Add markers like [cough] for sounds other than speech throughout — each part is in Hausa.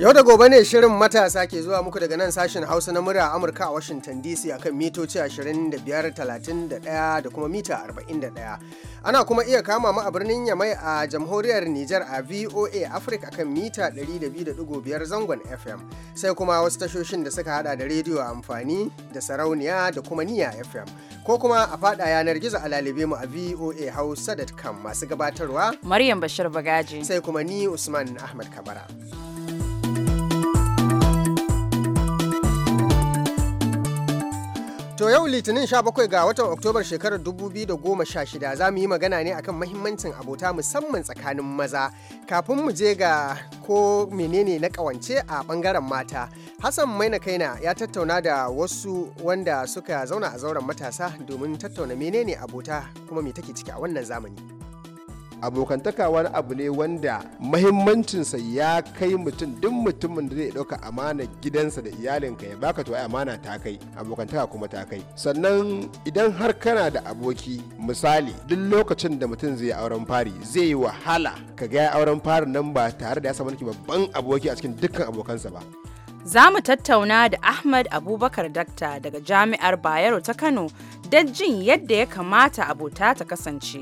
Yau da gobe ne shirin matasa ke zuwa muku daga nan sashen Hausa na murya Amurka a Washington DC akan mitoci 25.31 da kuma mita 41. Ana kuma iya kama mu a birnin Yamai a jamhuriyar Nijar a VOA Africa kan mita 102.5 zangon FM. Sai kuma wasu tashoshin da suka hada da rediyo amfani da sarauniya da kuma niya FM. Ko kuma a fada yanar gizo a lalibe mu a VOA Hausa.com masu gabatarwa. Maryam Bashir Bagaji. Sai kuma ni Usman Ahmad Kabara. To yau Litinin 17 ga watan Oktobar shekarar 2016 za mu yi magana ne akan mahimmancin abota musamman tsakanin maza. Kafin mu je ga ko menene na kawance a bangaren mata. Hassan Maina Kaina ya tattauna da wasu wanda suka zauna a zauren matasa domin tattauna menene abota kuma me take ciki a wannan zamani. abokantaka wani abu ne wanda mahimmancinsa ya kai mutum duk mutumin da zai ɗauka amana gidansa da iyalinka ya baka to amana ta kai abokantaka kuma ta kai sannan idan har kana da aboki misali duk lokacin da mutum zai auren fari zai yi wahala ka ga auren fari nan ba tare da ya samu babban aboki a cikin dukkan abokansa ba za mu tattauna da Ahmad Abubakar Dakta daga Jami'ar Bayero ta Kano don jin yadda ya kamata abota ta kasance.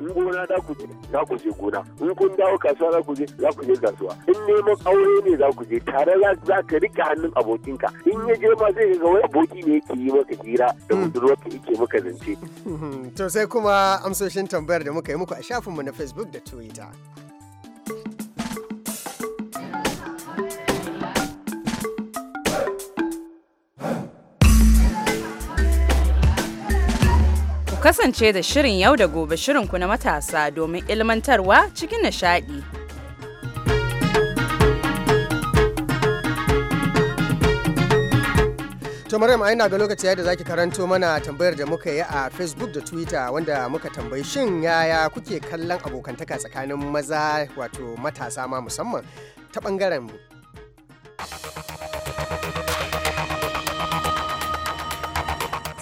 in gona za ku je ku je gona in kun dawo kasuwa za ku je za ku je kasuwa in neman aure ne za ku je tare za ka rike hannun abokinka in ya je ma zai ga wani aboki ne yake yi maka hira da hmm. budurwarka yake maka zance. Hmm, to sai kuma amsoshin tambayar da muka yi muku a shafinmu na facebook da twitter. kasance da shirin yau da gobe shirinku na matasa domin ilmantarwa cikin nishadi. To Maryam ina ga lokaci da zaki karanto mana tambayar da muka yi a Facebook da Twitter wanda muka tambayi shin yaya kuke kallon abokantaka tsakanin maza wato matasa ma musamman ta ɓangaren mu.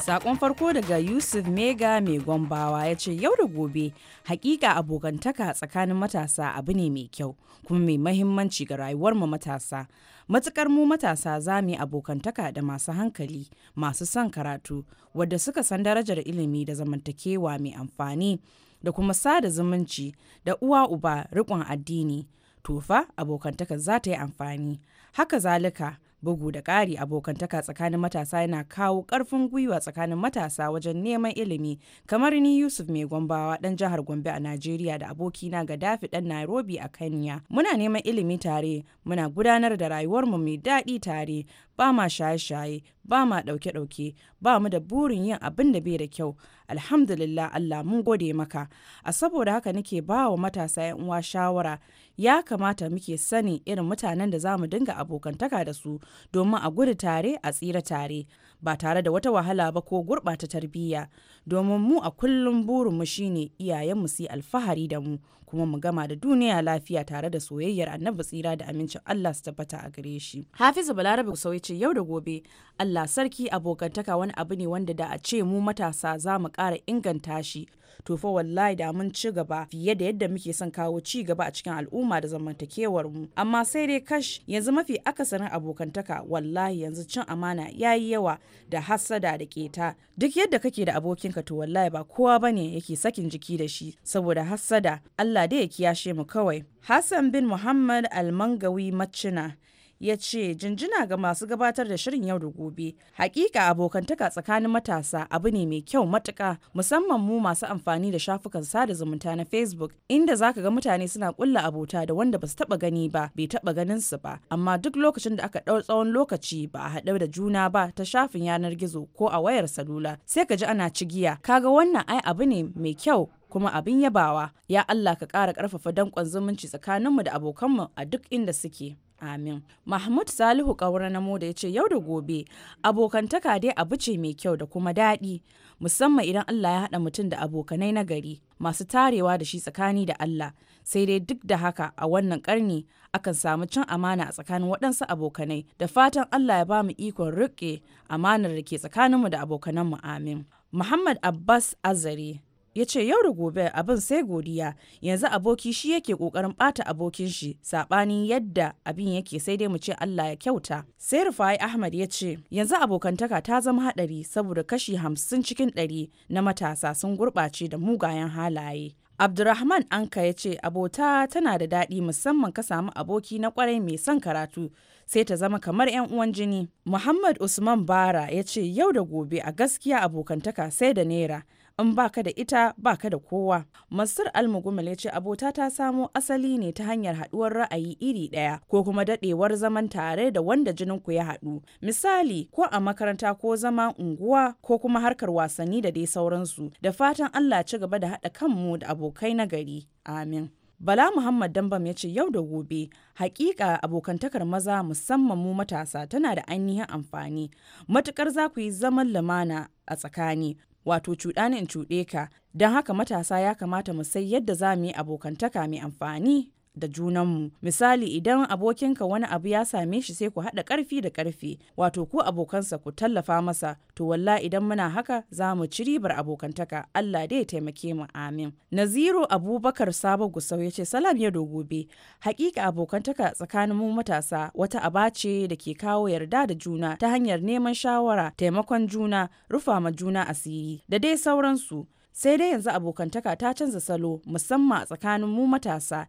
Sakon farko daga Yusuf Mega mai gwambawa ya ce yau da gobe hakika abokantaka tsakanin matasa abu ne mai kyau kuma mai mahimmanci ga rayuwar mu matasa. Matukar mu matasa za mu abokantaka da masu hankali, masu son karatu, wadda suka san darajar ilimi da zamantakewa mai amfani da kuma sada zumunci da uwa uba riƙon addini. Tofa abokantaka za ta yi amfani. Haka zalika bugu da ƙari abokantaka tsakanin matasa yana kawo ƙarfin gwiwa tsakanin matasa wajen neman ilimi kamar ni yusuf mai gwambawa ɗan jihar gombe a najeriya da abokina dafi ɗan nairobi a kenya muna neman ilimi tare muna gudanar da rayuwarmu mai daɗi tare ba ma shaye-shaye ba ma ɗauke-ɗauke ba mu da burin yin abin da bai da kyau alhamdulillah allah mun gode maka a saboda haka nake ba wa matasa 'yan uwa shawara ya kamata muke sani irin mutanen da za mu dinga abokantaka da su domin a gudu tare a tsira tare ba tare da wata wahala ba ko gurɓata tarbiyya domin mu a kullum burinmu shine iyayenmu su yi alfahari da mu kuma mu gama da duniya lafiya tare da soyayyar annabi tsira da amincin Allah su tabbata a gare shi. Hafizu Balarabe Kusau ce yau da gobe Allah sarki abokantaka wani abu ne wanda da a ce mu matasa za mu ƙara inganta shi to fa wallahi da mun ci gaba fiye da yadda muke son kawo ci gaba a cikin al'umma da zamantakewar mu amma sai dai kash yanzu mafi akasarin abokantaka wallahi yanzu cin amana yayi yawa da hasada da keta duk yadda kake da abokin ka to wallahi ba kowa bane yake sakin jiki da shi saboda hassada Allah dai ya kiyashe mu kawai Hassan bin Muhammad Almangawi Macina ya ce jinjina ga masu gabatar da shirin yau da gobe hakika abokantaka tsakanin matasa abu ne mai kyau matuka musamman mu masu amfani da shafukan sada zumunta na facebook inda zaka ga mutane suna kulla abota da wanda basu taba gani ba bai taba ganin su ba amma duk lokacin da aka dau tsawon lokaci ba a haɗu da juna ba ta shafin yanar gizo ko a wayar salula sai ka ji ana cigiya kaga wannan ai abu ne mai kyau kuma abin yabawa ya Allah ka ƙara ƙarfafa danƙon zumunci tsakaninmu da abokanmu a duk inda suke. Amin. Mahmud Salihu Kaura na Moda ya ce yau da gobe abokantaka dai abu ce mai kyau da kuma daɗi musamman idan Allah ya haɗa mutum da abokanai na gari masu tarewa da shi tsakani da Allah sai dai duk da haka a wannan ƙarni akan samu cin amana a tsakanin waɗansu abokanai da fatan Allah ya ba mu ikon riƙe amanar da ke tsakaninmu da abokananmu amin. Muhammad Abbas Azari. ya ce yau da gobe abin sai godiya yanzu aboki shi yake kokarin bata abokin shi sabanin yadda abin yake sai dai mu ce Allah ya kyauta sai Rufai Ahmad ya ce yanzu abokantaka ta zama hadari saboda kashi hamsin cikin ɗari na matasa sun gurɓace da mugayen halaye Abdurrahman Anka ya ce abota tana da daɗi musamman ka samu aboki na kwarai mai son karatu sai ta zama kamar 'yan uwan jini. Muhammad Usman Bara ya ce yau da gobe a gaskiya abokantaka sai da naira in baka da ita baka da kowa. Masir Almugumal ya ce abota ta samo asali ne ta hanyar haduwar ra'ayi iri ɗaya ko kuma daɗewar zaman tare da wanda jinin ku ya haɗu. Misali ko a makaranta ko zama unguwa ko kuma harkar wasanni da dai sauransu. Da fatan Allah ci gaba da haɗa kanmu da abokai na gari. Amin. Bala Muhammad Dambam ya ce yau da gobe hakika abokantakar maza musamman mu matasa tana da ainihin amfani matukar za ku yi zaman lumana a tsakani wato cuɗanin cuɗe ka don haka matasa ya kamata mu sai yadda za mu yi abokantaka mai amfani da junanmu misali idan abokinka wani abu ya same shi sai ku haɗa ƙarfi da ƙarfi wato ku abokansa ku tallafa masa to walla idan muna haka za mu ci ribar abokantaka Allah dai taimake mu amin Naziru Abubakar Sabo Gusau ya ce salam ya gobe hakika abokantaka tsakanin mu matasa wata aba ce da ke kawo yarda da juna ta hanyar neman shawara taimakon juna rufa ma juna asiri da dai sauransu sai dai yanzu abokantaka ta canza salo musamman a tsakanin mu matasa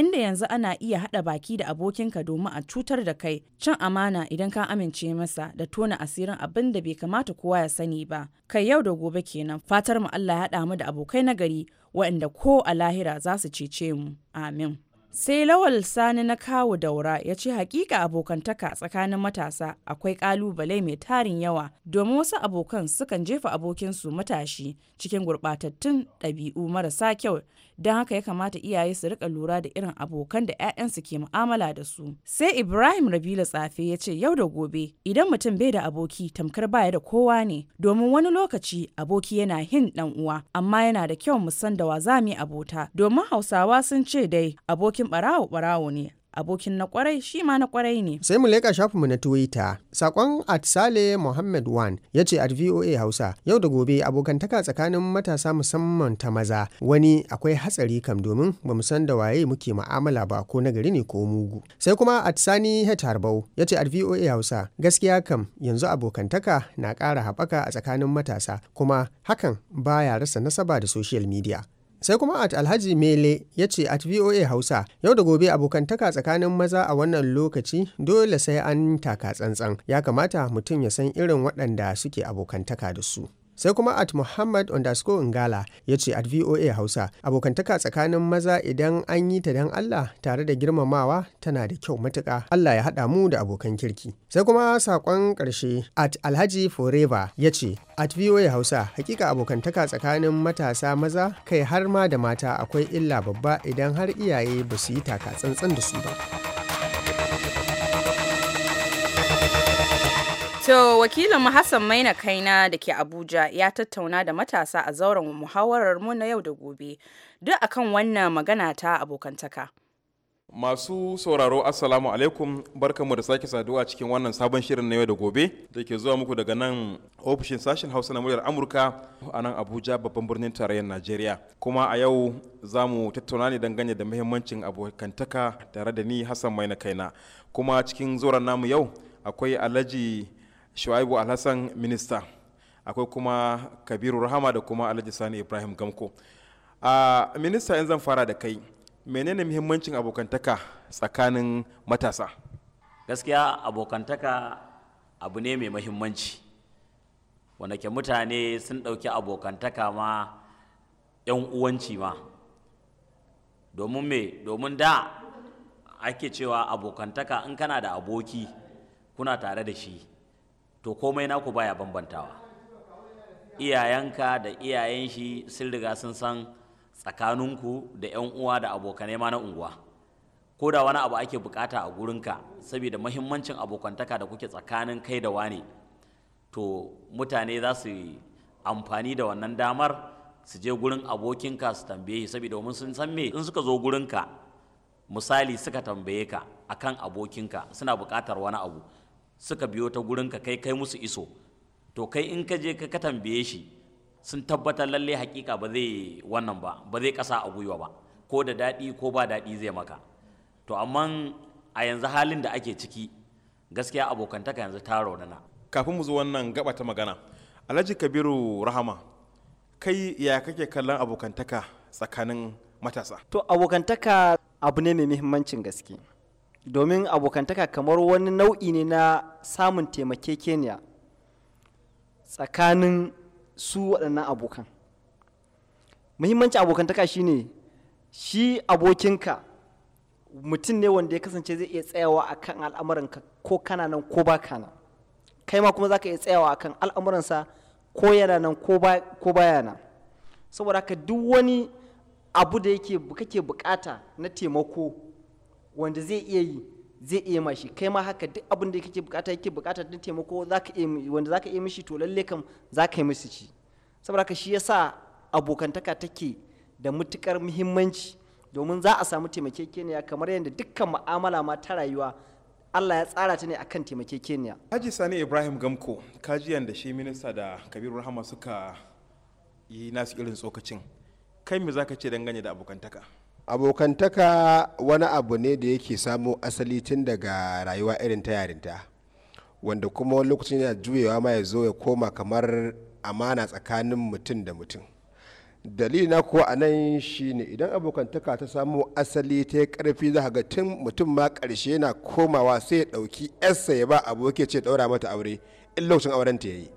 inda yanzu ana iya hada baki da abokinka domin a cutar da kai cin amana idan ka amince masa da tona asirin abin da bai kamata kowa ya sani ba kai yau da gobe kenan fatar mu Allah ya hada mu da abokai na gari waɗanda ko a lahira za su cece mu amin Sai Lawal Sani na kawo daura ya ce hakika abokantaka tsakanin matasa akwai kalubale mai tarin yawa domin wasu abokan sukan jefa abokinsu matashi cikin gurɓatattun ɗabi'u marasa kyau don haka ya kamata iyaye su rika lura da irin abokan da 'ya'yansu ke mu'amala da su sai ibrahim rabila tsafe ya ce yau da gobe idan mutum bai da aboki tamkar baya da kowa ne domin wani lokaci aboki yana hin dan uwa amma yana da kyau mu san da wa za mu abota domin hausawa sun ce dai abokin barawo barawo ne abokin na kwarai shi ma na kwarai ne. Sai mu leƙa shafinmu na Twitter. Sakon at Sale Muhammad Wan ya ce at VOA Hausa yau da gobe abokantaka tsakanin matasa musamman ta maza wani akwai hatsari kam domin ba mu san da waye muke mu'amala ba ko nagari ne ko mugu. Sai kuma at Sani Het Harbau ya ce at VOA Hausa gaskiya kam yanzu abokantaka na kara haɓaka a tsakanin matasa kuma hakan baya rasa nasaba da social media. sai kuma at alhaji mele ya ce at voa hausa yau da gobe abokantaka tsakanin maza a wannan lokaci dole sai an taka tsantsan ya kamata mutum ya san irin waɗanda suke abokantaka da su sai kuma at muhammad underscore ngala ya ce at voa hausa abokantaka tsakanin maza idan an yi ta don allah tare da girmamawa tana da kyau matuka allah ya haɗa mu da abokan kirki sai kuma saƙon ƙarshe at alhaji forever ya ce at voa hausa hakika abokantaka tsakanin matasa maza kai har ma da mata akwai illa babba idan har iyaye ba su yi taka tsantsan da su ba. To wakilin Hassan Maina Kaina da ke Abuja ya tattauna da matasa a zauren muhawarar mu na yau da gobe duk akan wannan magana ta abokantaka. Masu sauraro Assalamu alaikum barkanmu da sake saduwa cikin wannan sabon shirin na yau da gobe da ke zuwa muku daga nan ofishin sashen Hausa na muryar Amurka a nan Abuja babban birnin tarayyar Najeriya. Kuma a yau za mu tattauna ne dangane da muhimmancin abokantaka tare da ni Hassan Maina Kaina. Kuma cikin zauren namu yau akwai Alhaji shu'aibu alhassan minista akwai kuma kabiru rahama da kuma alhaji sani ibrahim gamko a minista in zan fara da kai menene muhimmancin abokantaka tsakanin matasa gaskiya abokantaka abu ne mai muhimmanci wanda ke mutane sun ɗauki abokantaka ma 'yan uwanci ma domin me domin da ake cewa abokantaka in kana da aboki kuna tare da shi to komai naku baya bambantawa iyayenka da iyayen shi sun riga sun san tsakaninku da 'yan uwa da abokanai ma na unguwa ko da wani abu ake bukata a gurinka saboda mahimmancin abokantaka da kuke tsakanin kai da wane to mutane za su amfani da wannan damar su je gurin abokinka su tambaye shi saboda domin sun san me in suka zo gurinka misali suka tambaye ka akan abokinka suna bukatar wani abu suka biyo ta gurin ka kai kai musu iso to kai in ka je ka ka tambaye shi sun tabbatar lalle hakika ba zai wannan ba ba zai kasa a gwiwa ba ko da daɗi ko ba daɗi zai maka to amma a yanzu halin da ake ciki gaskiya abokantaka yanzu ta raunana kafin mu zo wannan gaba ta magana alhaji kabiru rahama kai ya kake kallon abokantaka tsakanin matasa to abokantaka abu ne mai muhimmancin gaske domin abokantaka kamar wani nau'i ne na samun taimakekeniya tsakanin su waɗannan abokan muhimmanci abokantaka shine shi abokinka mutum ne wanda ya kasance zai iya tsayawa a kan al'amuranka ko kana nan ko ba kana kai ma kuma za ka iya tsayawa a kan al'amuransa ko yana nan ko baya nan saboda haka duk wani abu da yake kake bukata na taimako wanda zai iya yi zai iya mashi kai ma haka duk abin da kake bukata yake bukata din taimako zaka iya wanda zaka iya mishi to lalle kam zaka yi mishi ci saboda haka shi yasa abokantaka take da matukar muhimmanci domin za a samu keniya kamar yadda dukkan mu'amala ma ta rayuwa Allah ya tsara ta ne akan taimakekeniya Haji Sani Ibrahim Gamko kajiyan da shi minista da Kabiru Rahama suka yi nasu irin tsokacin kai me zaka ce dangane da abokantaka abokantaka wani abu ne da yake samo asali tun daga rayuwa irin ta yarinta wanda kuma wani lokacin yana juyewa ma ya zo ya koma kamar amana tsakanin mutum da mutum dalili na kuwa a nan shi ne idan abokantaka ta samu asali ta yi karfi za ga tun mutum ma karshe yana komawa sai ya ɗauki yarsa ya ba aboki ce ɗaura mata aure in lokacin aurenta ta ya yi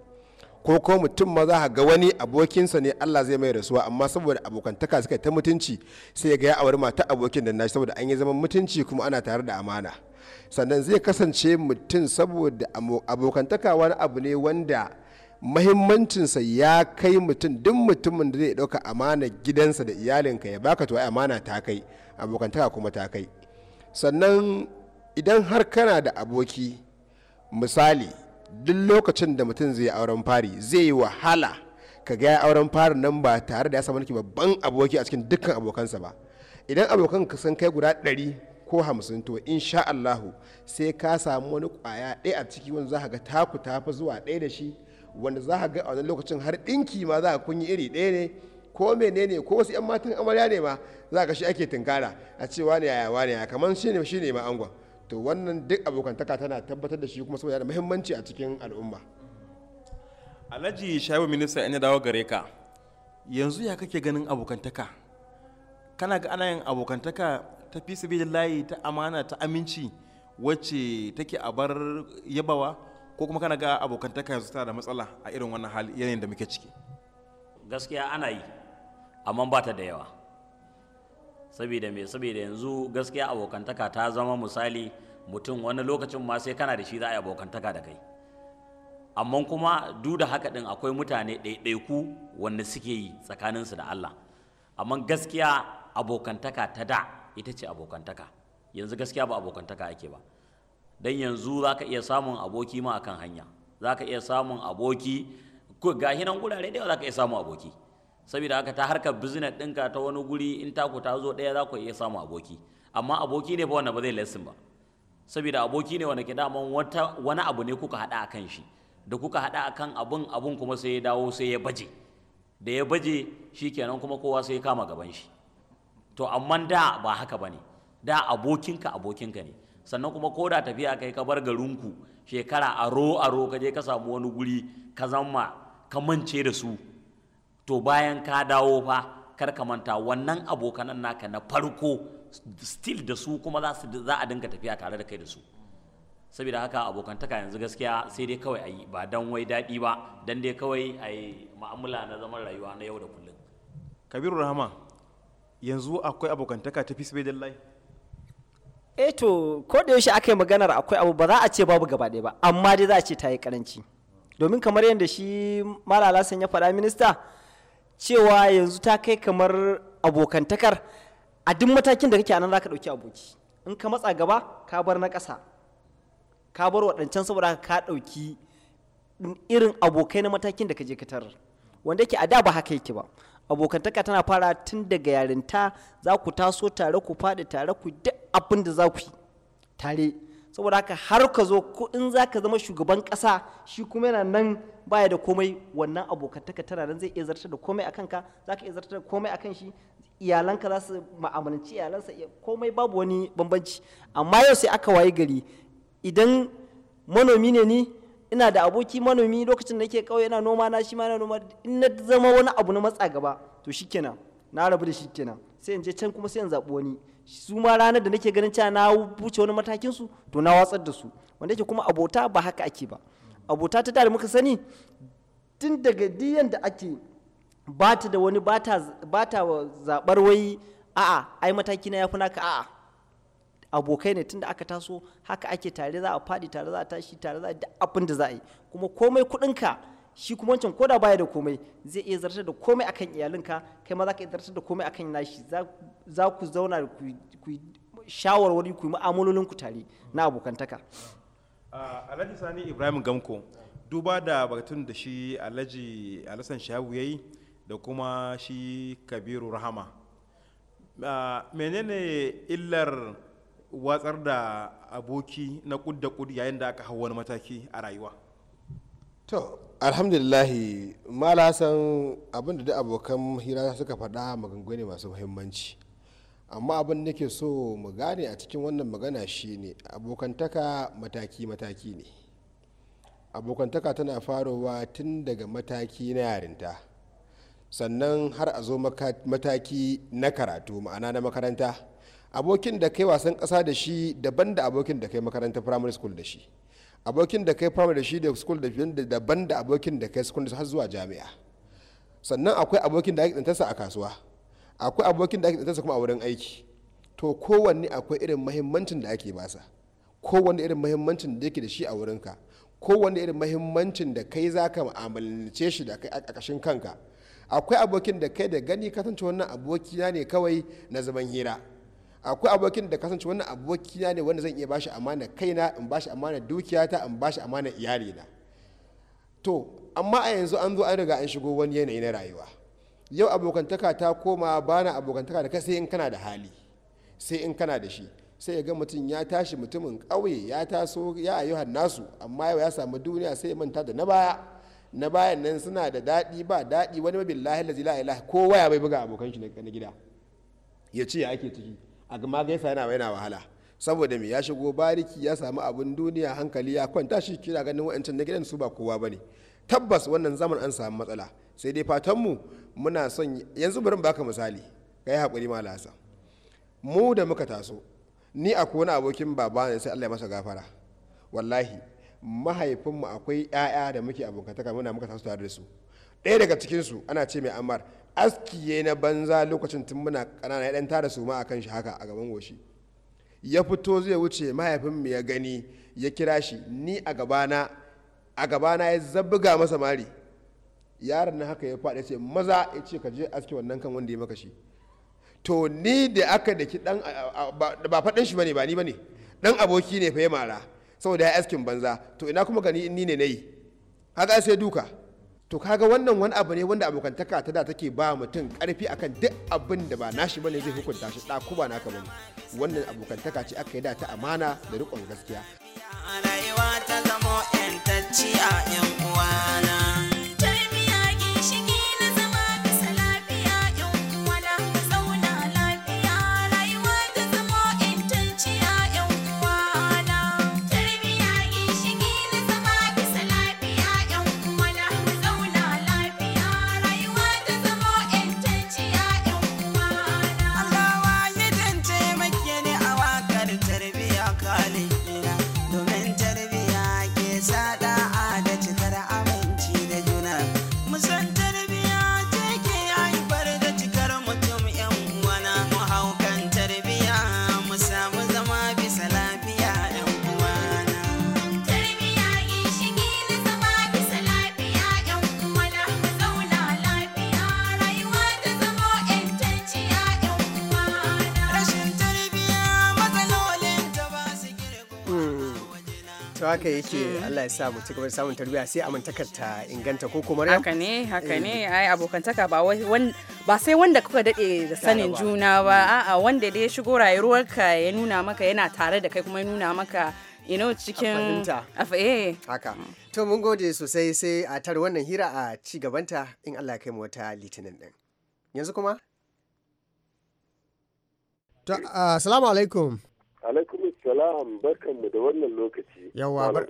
ko ko mutum ma za ga wani abokinsa ne Allah zai mai rasuwa amma saboda abokantaka suka ta mutunci sai ga ya auri mata abokin da nashi saboda an yi zaman mutunci kuma ana tare da amana sannan zai kasance mutum saboda abokantaka wani abu ne wanda mahimmancinsa ya kai mutum duk mutumin da zai ɗauka amana gidansa da iyalinka ya baka to amana ta kai abokantaka kuma ta kai sannan idan har kana da aboki misali duk lokacin da mutum zai auren fari zai yi wahala ka ga auren fari nan ba tare da ya samu babban aboki a cikin dukkan abokansa ba idan abokan ka san kai guda ɗari ko hamsin to insha Allahu sai ka samu wani kwaya ɗaya a ciki wanda za ka ga taku tafi zuwa ɗaya da shi wanda za ka ga a wani lokacin har ɗinki ma za kun yi iri ɗaya ne ko menene ko wasu 'yan matan amarya ne ma za ka shi ake tunkara a cewa ne yaya ne ya kamar shi ne ma angon to wannan duk abokantaka tana tabbatar da shi kuma saboda da muhimmanci a cikin al'umma alhaji shaibu minista ya dawo gare ka yanzu ya kake ganin abokantaka kana ga ana yin abokantaka ta fi layi ta amana ta aminci wacce take a bar yabawa ko kuma kana ga abokantaka yanzu tana da matsala a irin wannan hali yanayin da muke ciki gaskiya ana yi amma ba ta da yawa saboda me saboda yanzu gaskiya abokantaka ta zama misali mutum wani lokacin ma sai kana da shi za a yi abokantaka da kai amma kuma duk da haka din akwai mutane ɗaiɗaiku wanda suke yi tsakaninsu da Allah amma gaskiya abokantaka ta da ita ce abokantaka yanzu gaskiya ba abokantaka ake ba dan yanzu za ka iya samun aboki ma akan hanya za ka iya samun aboki gahi nan gurare da yawa za ka iya samun aboki saboda haka ta harkar business ɗinka ta wani guri in taku ta zo ɗaya za ku iya samu aboki amma aboki ne ba wanda ba zai lesson ba saboda aboki ne wanda ke daman wani abu ne kuka haɗa a kan shi da kuka haɗa a kan abun abun kuma sai ya dawo sai ya baje da ya baje shi kenan kuma kowa sai ya kama gaban shi to amma da ba haka ba ne da abokinka abokinka ne sannan kuma ko da tafiya kai ka bar ku shekara aro aro ka je ka samu wani guri ka zama ka mance da su to bayan ka dawo fa kar ka manta wannan abokanan naka na farko still da su kuma za su za a dinga tafiya tare da kai da su saboda haka abokantaka yanzu gaskiya sai dai kawai ayi ba dan wai daɗi ba dan dai kawai ayi mu'amala na zaman rayuwa na yau da kullum kabiru rahama yanzu akwai abokantaka ta fisbidillahi eh to ko da yaushe aka yi maganar akwai abu ba za a ce babu gaba ɗaya ba amma dai za a ce ta yi karanci domin kamar yadda shi malala san ya faɗa minista cewa yanzu ta kai kamar abokantakar a duk matakin da kake a nan za ka ɗauki aboki in ka matsa gaba ka bar na ƙasa ka bar waɗancan saboda ka ɗauki irin abokai na matakin da ka je ka tarar wanda yake a da ba haka yake ba abokantaka tana fara tun daga yarinta za ku taso tare ku faɗi tare ku duk abin da za ku yi tare saboda haka har ka zo ko in za ka zama shugaban kasa shi kuma yana nan baya da komai wannan abokantaka tana nan zai iya zartar da komai akan ka za ka iya zartar da komai akan shi iyalanka za su ma'amalanci iyalansa komai babu wani bambanci amma yau sai aka waye gari idan manomi ne ni ina da aboki manomi lokacin da nake kauye yana noma na shi ma yana noma in na zama wani abu na matsa gaba to shikenan na rabu da shikenan sai in je can kuma sai in zaɓi wani su ma ranar da nake ganin cewa na buce wani matakin su to na watsar da su wanda yake kuma abota ba haka ake ba abota ta da muka sani tun daga diyan da ake ba ta da wani ba ta zaɓar wai a'a ai mataki na yafi naka a'a abokai ne tun da aka taso haka ake tare za a faɗi tare za a tashi tare za a duk abin da za a yi kuma komai kuɗinka shi kuma wancan koda baya da komai zai iya zartar da komai akan iyalinka kai ma za ka iya zartar da komai akan nashi za ku zauna ku shawarwari ku yi mu'amalolin tare na abokantaka ah, alhaji sani ibrahim gamko duba da batun da shi alhaji alhassan shabu ya yi da kuma shi kabiru rahama ah, menene illar watsar da aboki na kud da kud yayin da aka hau wani mataki a rayuwa to alhamdulillahi mala san abinda da abokan hira suka faɗa maganganu masu muhimmanci amma abin da ke so mu gane a cikin wannan magana shine abokantaka mataki-mataki ne abokantaka tana farowa tun daga mataki na yarinta sannan har a zo mataki na karatu ma'ana na makaranta abokin da kai wasan ƙasa da shi daban da abokin da kai makarantar primary school da shi abokin da kai primary da shi da school da daban da abokin da kai secondary har zuwa jami'a sannan akwai abokin da ake tsantarsa a kasuwa akwai abokin da ake tsantarsa kuma a wurin aiki to kowanne akwai irin mahimmancin da ake basa kowanne irin mahimmancin da yake da shi a wurinka kowanne irin mahimmancin da kai za ka mu'amalance shi da kai a ƙarshen kanka akwai abokin da kai da gani kasance wannan abokina ne kawai na zaman hira akwai abokin da kasance wannan abokina ne wanda zan iya bashi amana kaina in bashi amana dukiyata in bashi amana iyalina to amma a yanzu an zo an riga an shigo wani yanayi na rayuwa yau abokantaka ta koma bana abokantaka da kai sai in kana da hali sai in kana da shi sai ya ga mutum ya tashi mutumin kauye ya taso ya ayi nasu amma yau ya samu duniya sai ya manta da na baya na bayan nan suna da daɗi ba daɗi wani mabin lahi la ilaha kowa ya bai buga abokan shi na gida ya ce ya ake ciki a gama gaisa yana yana wahala saboda me ya shigo bariki ya samu abin duniya hankali ya kwanta shi kira ganin wa'ancan na gidan su ba kowa ba ne tabbas wannan zaman an samu matsala sai dai fatan mu muna son yanzu bari baka misali kai hakuri ma lasa mu da muka taso ni a kona abokin baba ne sai Allah ya masa gafara wallahi mahaifinmu akwai 'ya'ya da muke abokantaka muna muka taso tare da su ɗaya daga cikinsu ana ce mai amar. askiye na banza lokacin tun muna ƙanana ya ɗan tara su ma a kan shi haka a gaban goshi ya fito zai wuce mahaifinmu ya gani ya kira shi ni a gabana a gabana ya zabbuga masa mari yaron na haka ya faɗi ce maza ya ce ka je aski wannan kan wanda ya maka shi to ni da aka da ki dan ba faɗin shi bane ba ni bane dan aboki ne fa ya mara saboda ya askin banza to ina kuma gani in ni ne nayi haka sai duka to kaga wannan wani abu ne wanda abokantaka ta da take ba mutum karfi akan duk abin da ba nashi bane zai hukunta shi da ba naka bane wannan abokantaka ce aka yi da ta amana da riƙon gaskiya rayuwa ta zamo 'yantacci a 'yan uwana to haka yake mm-hmm. Allah ya sa mu cigaba da samun tarbiyya sai amintakar ta inganta ko kuma haka ne haka ne eh. ai abokantaka ba ba sai wanda kuka dade da sanin juna ba mm. a'a wanda da ya shigo rayuwarka ya nuna maka yana tare da kai kuma ya nuna maka you know cikin eh haka mm. to mun gode sosai sai a tar wannan hira a ci gabanta in Allah ya kai mu wata litinin din yanzu kuma Assalamu ah, alaikum. Alaikum salam barkanmu da wannan lokaci. yawa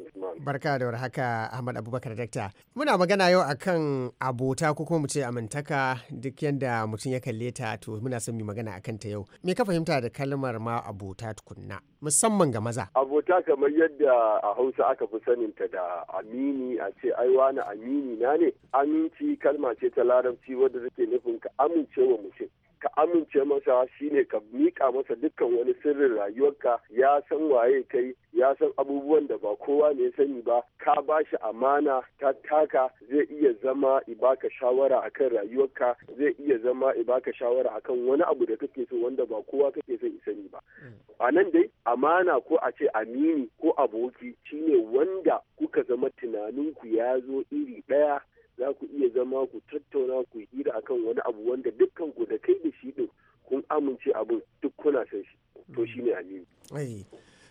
barka da warhaka Ahmad Abubakar Dakta. Muna magana yau akan abota ko kuma mu ce amintaka duk yadda mutum ya kalle ta to muna son mu magana akan ta yau. Me ka fahimta da kalmar ma abota tukunna musamman ga maza? Abota kamar yadda a Hausa aka fi sanin ta da amini a ce ai wani amini na ne. Aminci kalma ce ta larabci wadda take nufin ka amincewa mutum. ka amince masa shine ka mika masa dukkan wani sirrin rayuwarka ya san waye kai ya san abubuwan da ba kowa ne ya sani ba ka ba shi amana ta taka zai iya zama ibaka shawara akan rayuwarka zai iya zama ibaka shawara akan wani abu da kake so wanda ba kowa kake son sani ba mm. a nan dai amana ko a ce amini ko aboki shine wanda kuka zama tunaninku ya zo iri ɗaya za ku iya zama ku tattauna ku hira akan wani abu wanda dukkan ku da kai da shi din kun amince abin duk kuna san shi to mm. shine aminu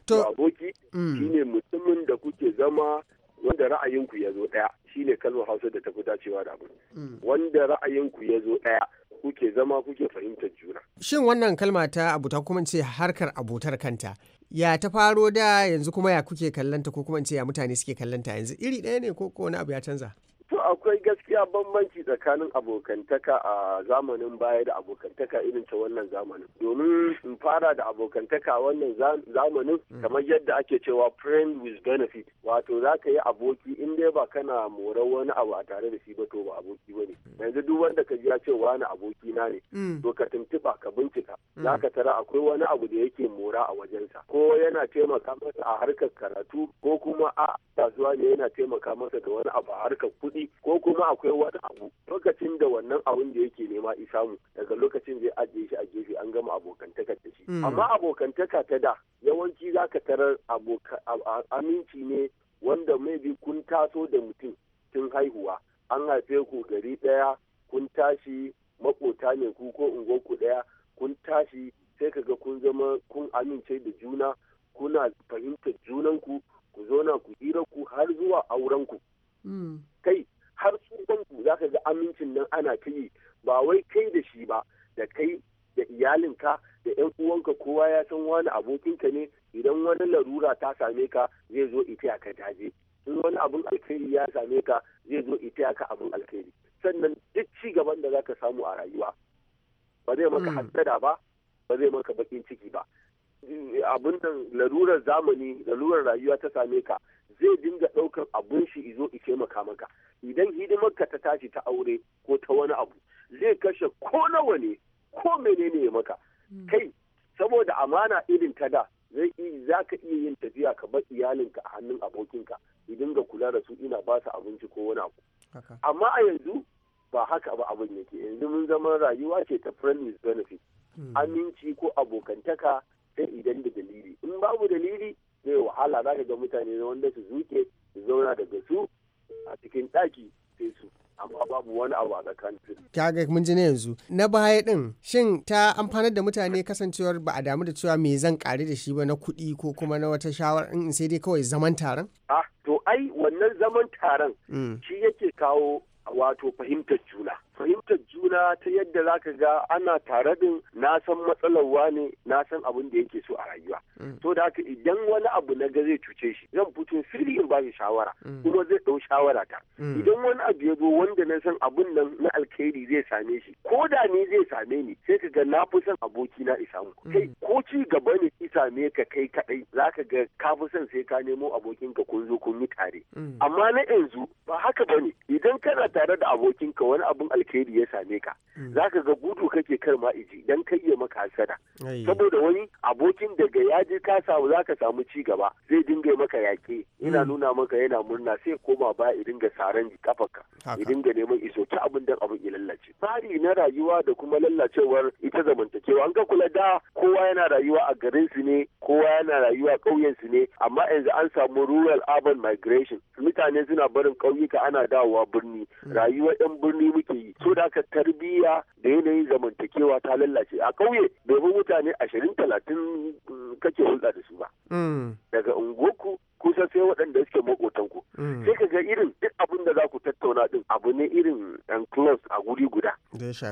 to aboki mm. shine mutumin da kuke zama wanda ra'ayinku ya zo ɗaya shine kalmar hausa da tafi dacewa da abu mm. wanda ra'ayinku ya zo ɗaya kuke zama kuke fahimtar juna shin wannan kalma ta abuta kuma ce harkar abotar kanta ya ta faro da yanzu kuma ya kuke kallanta ko kuma ce ya mutane suke kallanta yanzu iri ɗaya ne ko ko wani abu ya canza To akwai gaskiya bambanci tsakanin abokantaka a zamanin baya da abokantaka irin ta wannan zamanin. Domin in fara da abokantaka a wannan zamanin mm. kamar yadda ake cewa friend with benefit wato za ka yi aboki in dai ba kana morar wani abu a tare da shi ba to ba aboki ba ne. Mm. Yanzu duk wanda ka ji ya ce wani aboki na ne mm. to ka tuntuɓa ka bincika za ka tara akwai wani abu da yake mora a wajensa ko yana taimaka masa a harkar karatu ko kuma a kasuwa ne yana taimaka masa da wani abu a harkar kuɗi kuɗi ko kuma akwai wani abu lokacin da wannan abun da yake nema isamu daga lokacin zai ajiye shi a gefe an gama abokantaka da shi hmm. amma abokantaka ta da yawanci za ka tarar aminci ne wanda bi kun taso da mutum tun haihuwa an haife ku gari ɗaya kun tashi makota ne ku ko ku ɗaya kun tashi sai ka ga kun zama kun amince da juna kuna fahimtar junanku ku zo na ku hira ku har zuwa auren ku. Hmm. kai har tsohon ku za ka ga amincin nan ana ta yi ba wai kai da shi ba da kai da iyalinka da yan uwanka kowa ya san wani abokinka ne idan wani larura ta same ka zai zo ita ya ka daje in wani abun alkhairi ya same ka zai zo ita ya ka abun alkhairi sannan duk ci gaban da zaka samu a rayuwa ba zai maka mm. haddada ba ba zai maka bakin ciki ba abun nan larurar zamani larurar rayuwa ta same ka zai dinga ɗaukan abun shi izo ike maka maka idan hidimar ka ta tashi ta aure ko ta wani abu zai kashe ko nawa ne ko menene ya maka hmm. kai saboda amana irin ta da zai za ka iya yin tafiya ka bar iyalinka a hannun abokinka idan ga kula da su ina ba su abinci ko wani abu amma a yanzu ba haka ba abin yake yanzu mun zama rayuwa ce ta friendly benefit hmm. aminci ko abokantaka sai idan da dalili in babu dalili zai wahala za ka ga mutane wanda su zuke su zauna daga su a cikin ɗaki sai su amma babu wani abu a tsakanin kaga mun ji na yanzu na baya din shin ta amfanar da mutane kasancewar ba a damu da cewa me zan kare da shi ba na kuɗi ko kuma na wata shawara in sai dai kawai zaman taron ah to ai wannan zaman taron mm. shi yake kawo wato fahimtar juna fahimtar juna ta yadda za ka ga ana tare din na san matsalar wane na san abin da yake so a rayuwa mm. to da haka idan wani abu na ga zai cuce shi zan fito fili in ba shi shawara mm. kuma zai ɗau shawara ta mm. idan wani abu ya zo wanda na san abun nan na alkhairi zai same shi ko da ni zai same ni sai ka ga na fi son aboki na isa mu kai ko ci gaba ne ki same ka kai kaɗai za ka ga ka fi son sai ka nemo abokin ka kun zo kun yi tare amma na yanzu ba haka ba ne. kana tare da abokinka wani abun alkhairi ya same ka hmm. za ka ga gudu kake kar ma iji dan kai ya maka hasada saboda wani abokin daga ya ka samu za ka samu ci gaba zai dinga maka yaƙe Ina hmm. nuna maka yana murna sai koma ba ya dinga saran kafaka ya dinga neman iso ta abin da abin ya lallace tsari na rayuwa da kuma lallacewar ita zamantakewa an ga kula da kowa yana rayuwa a garin su ne kowa yana rayuwa a ƙauyen su ne amma yanzu an samu rural urban migration mutane suna barin ƙauyuka ana dawowa birni hmm. rayuwar yan birni muke yi so da ka tarbiyya da yanayin zamantakewa ta lallace a ƙauye bai mutane ashirin talatin mm, kake hulɗa da su ba hmm. daga unguwar sai waɗanda suke makotanku. Mm. Sai ka ga irin duk abin da za ku tattauna din abu ne irin ɗan close a guri guda.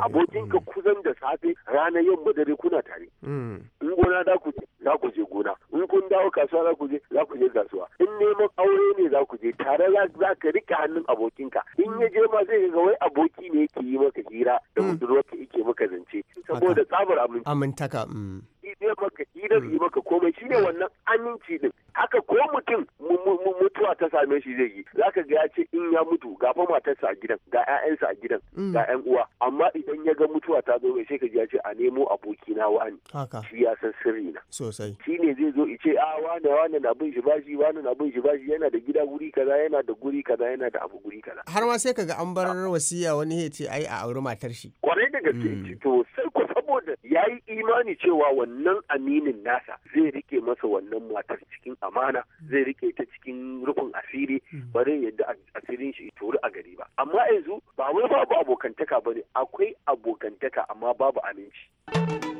Abokinka mm. kusan da safe ranar yamma dare kuna tare. Mm. In gona za ku je za ku je gona. In kun dawo kasuwa za ku je za ku je kasuwa. In neman aure ne za ku je tare za ka rike hannun abokinka. In ya je ma zai ga wai aboki ne yake yi maka hira da budurwarka yake maka zance. Saboda tsabar aminci. Amintaka. Yi maka hirar yi maka komai shi ne wannan aminci din. Haka ko mutum mutuwa ta same shi zai yi zaka ga ya ce in ya mutu ga fa matarsa a gidan ga ƴaƴansa a gidan mm. ga ƴan uwa amma idan ya ga mutuwa ta zo sai ka ji ya ce a nemo abokina wani shi ya san sirri na sosai shi ne zai zo ice a wane wane na bin shi bashi wane na bin shi bashi yana da gida guri kaza yana da guri kaza yana da abu guri kaza har ma sai ka ga an bar wasiya wani ya ce ai a auri matar shi kwarai da gaske mm. to sai saboda ya yi imani cewa wannan aminin nasa zai rike masa wannan matar cikin amana zai rike ta cikin rufin asiri hmm. ba zai yadda asirin shi turu a gari ba amma yanzu ba wai babu abokantaka ba ne akwai abokantaka amma babu aminci.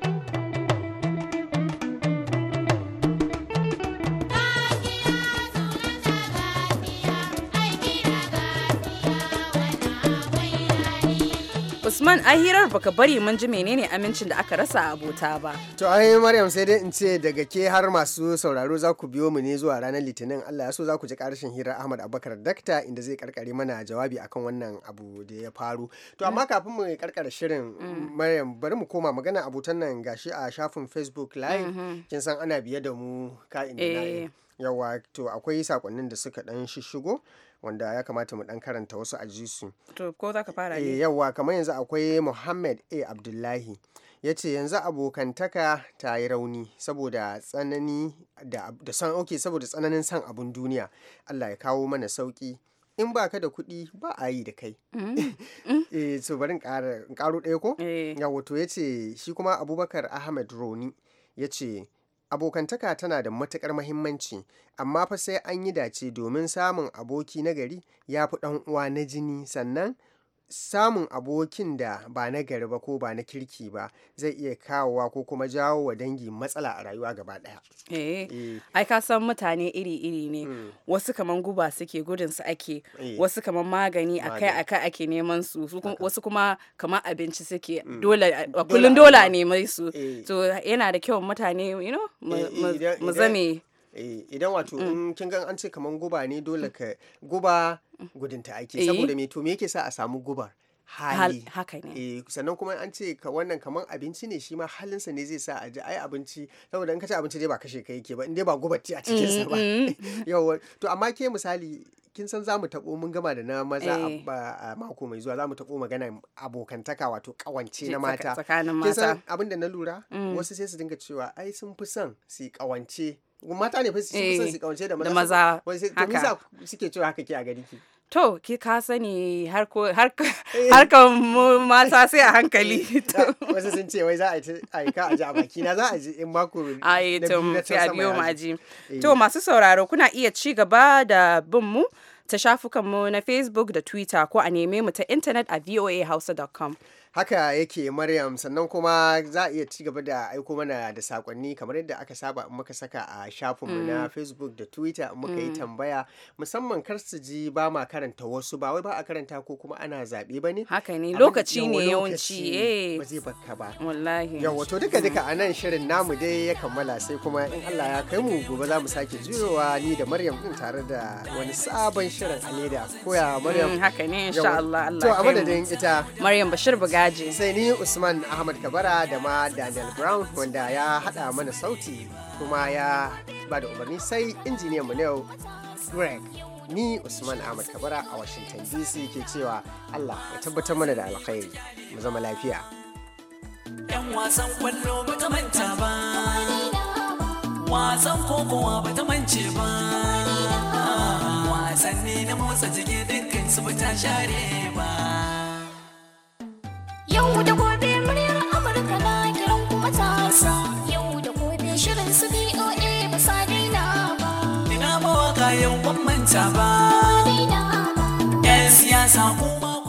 Usman a hirar baka bari mun ji menene amincin da aka rasa a abota ba. To ai Maryam sai dai in ce daga ke har masu sauraro za ku biyo mu ne zuwa ranar Litinin Allah ya so za ku ji karshen hirar Ahmad Abubakar Dakta inda zai karkare mana jawabi akan wannan abu da ya faru. To amma kafin mu karkare shirin mm. Maryam bari mu koma magana abotan nan gashi a shafin Facebook live mm-hmm. kin san ana biye da mu ka'in da eh. yawa to akwai sakonnin da suka dan shishigo. wanda ya kamata mu dan karanta wasu a ji to ko za ka fara ne eh, yawwa kamar yanzu akwai Muhammad A Abdullahi yace yanzu abokantaka ta yi rauni saboda tsanani da, da san oke saboda tsananin san abun duniya Allah ya kawo mana sauki in ba ka da kuɗi ba a yi da kai. Mm-hmm. [laughs] Eh, so bari in ɗaya ko? Eh. yawwa to ya shi kuma Abubakar Ahmed Roni yace. abokantaka tana da matuƙar mahimmanci amma fa sai an yi dace domin samun aboki nagari ya fi ɗan uwa na jini sannan samun abokin da ba na gari ba ko ba na kirki ba zai iya kawowa ko kuma jawo wa dangi matsala a rayuwa gaba daya eh, eh ai ka san mutane iri-iri ne hmm. wasu kaman guba suke gudun su ake eh. wasu kaman magani akai-akai ake neman su wasu kuma kaman abinci suke hmm. dole kullum dole ne mai su eh. to yana da kyau mutane you know mu zame Eh, idan wato mm. in kin gan an ce kaman guba ne dole mm. ka guba gudunta ake eh. saboda me to me yake sa a samu guba hali haka ne eh, sannan kuma an ce ka wannan kaman abinci ne shi ma halinsa ne zai sa a ji ai abinci saboda in ka ci abinci dai ba kashe ka yake ba in dai ba gubatti a mm, cikin sa ba [laughs] yawa to amma ke misali kin san za mu taɓo mun gama da na maza a mako mai zuwa za mu taɓo magana abokantaka wato ƙawance na mata kin san abin da na lura wasu sai su dinga cewa ai sun fi son su ƙawance mata ne fa su kusan su kaunce eh, da maza haka suke cewa haka ke a gari ki to ki ka sani ko eh. mu mata sai a hankali [laughs] wasu sun ce wai za a yi ka a ji a baki na za a ji in mako a yi to sai a biyo ma ji eh. to masu sauraro kuna iya ci gaba da bin mu ta shafukanmu na facebook da twitter ko a neme mu ta intanet a voahausa.com haka yake maryam sannan kuma za a iya ci gaba da aiko mana da sakonni kamar yadda aka saba in muka saka a shafin mu na mm. facebook da twitter in muka yi mm. tambaya musamman kar su ji ba ma karanta wasu ba wai ba a karanta ko kuma ana zaɓe ba ne haka ne lokaci ne yawanci eh ba zai bakka ba wallahi yawa to duka duka a nan shirin namu dai ya kammala sai kuma in Allah ya kai mu gobe za mu sake juyowa ni da Maryam din tare da wani sabon shirin a da koya Maryam mm, haka ne insha Allah Allah to a madadin ita Maryam Bashir Buga Alhaji. Sai ni Usman Ahmad Kabara da ma Daniel Brown wanda ya haɗa mana sauti kuma ya ba da umarni sai injiniyan mu yau Greg. Ni Usman Ahmad Kabara a Washington DC ke cewa Allah ya tabbatar mana da alkhairi mu zama lafiya. Yan wasan kwallo ba ta manta ba, wasan kokowa ba ta mance ba, wasanni na motsa jiki dukkan su ba share ba. Yau da gobe muryar Amurka na kiran kuma tasa. Yau da gobe shirin su BOA ba sa daina ba. Ina mawaka yau ban manta ba. Ba daina ba. 'Yan siyasa kuma